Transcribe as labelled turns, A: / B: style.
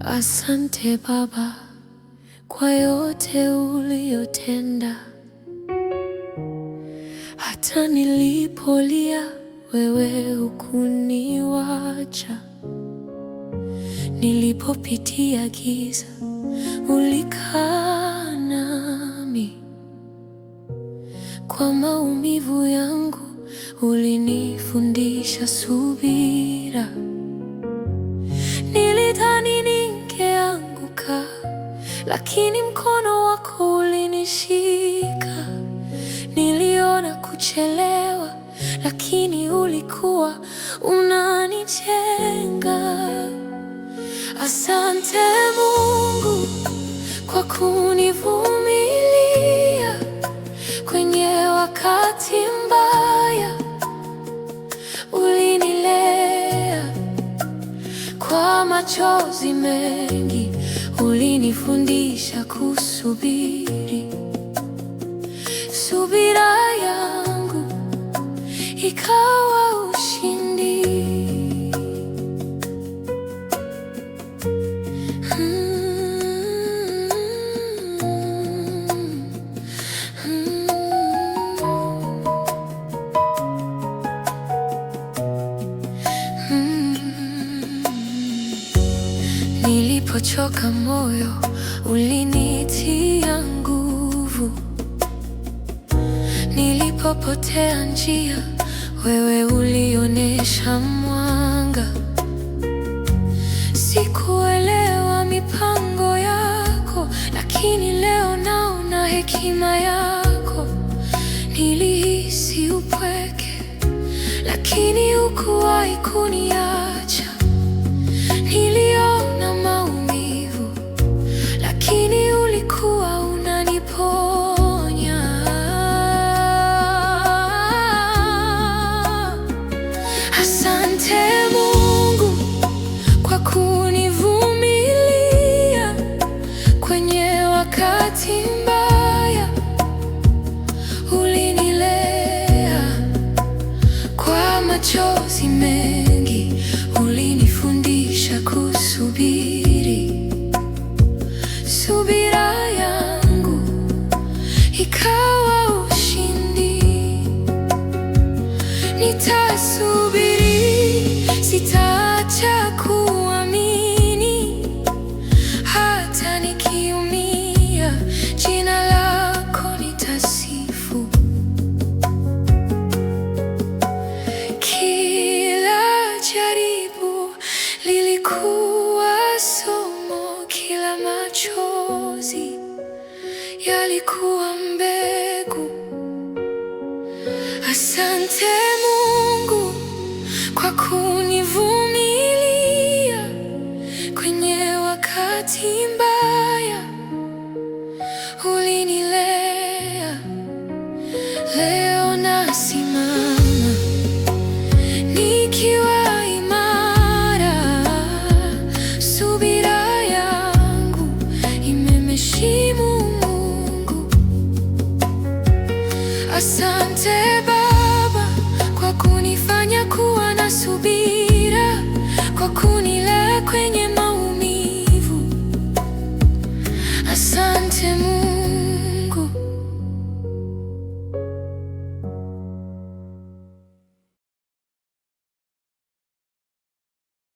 A: Asante Baba kwa yote uliyotenda, hata nilipolia wewe hukuniwacha, nilipopitia giza ulikaa nami, kwa maumivu yangu ulinifundisha subira. lakini mkono wako ulinishika. Niliona kuchelewa, lakini ulikuwa unanijenga. Asante Mungu kwa kunivumilia kwenye wakati mbaya. Ulinilea kwa machozi mengi ulinifundisha kusubiri. Subira yangu ikawa
B: Nilipochoka moyo ulinitia nguvu, nilipopotea njia wewe ulionyesha mwanga. Sikuelewa mipango yako, lakini leo naona hekima yako. Nilihisi upweke, lakini hukuwahi kuniacha. machozi mengi, ulinifundisha kusubiri. Subira yangu ikawa ushindi, nitasubiri yalikuwa mbegu. Asante Mungu kwa kunivumilia kwenye wakati mbaya ulini Asante Baba kwa kunifanya kuwa na subira, kwa kunilea kwenye